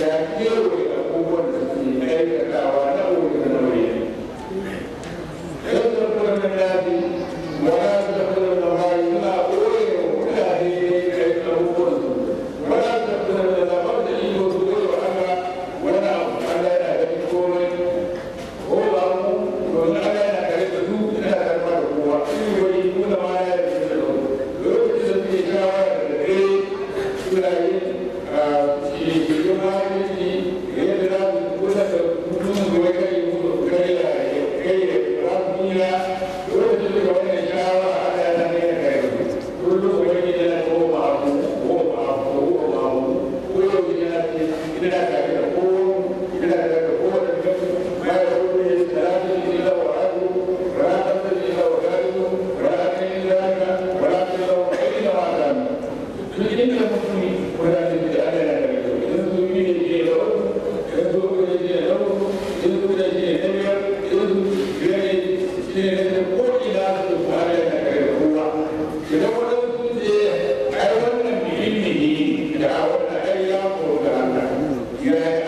ya kewaye abubuwan da suke aikatawa na wuri kuma Yeah.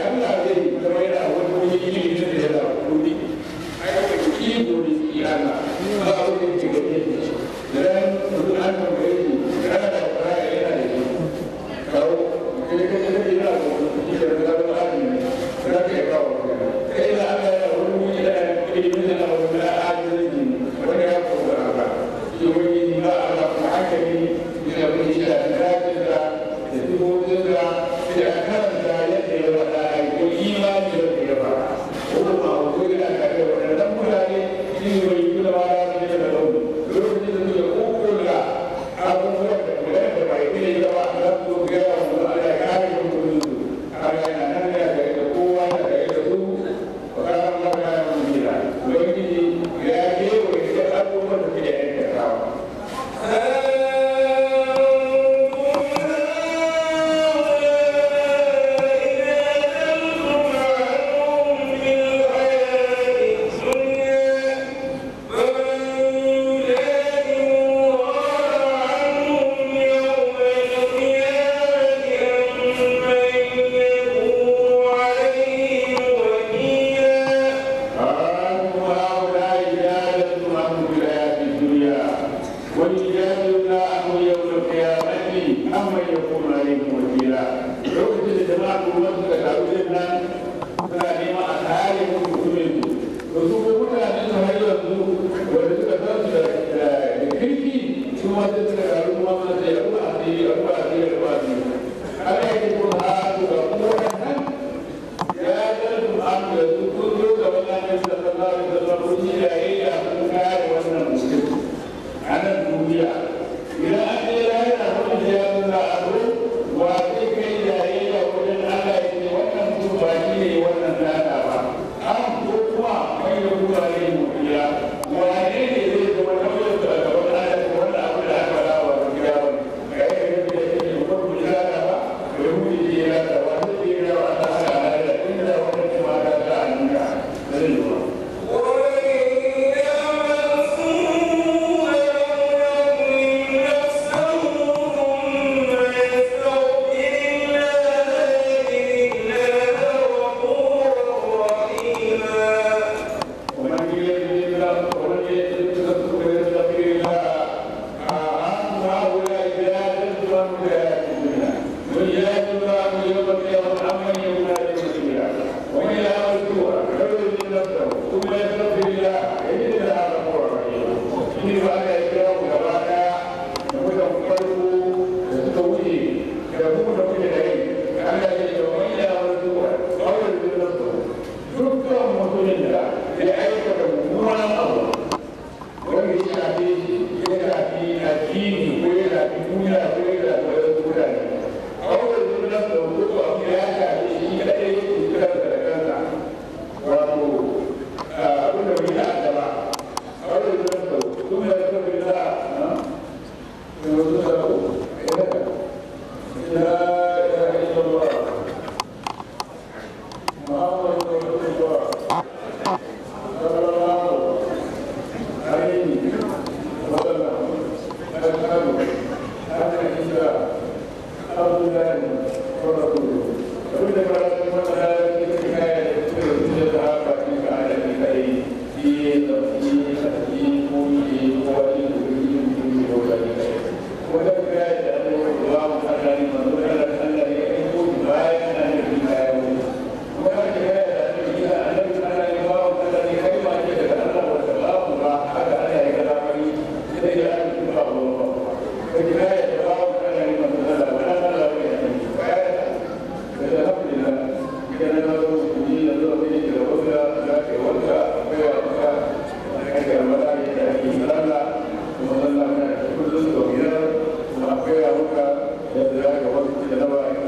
yadda za ka wani da ba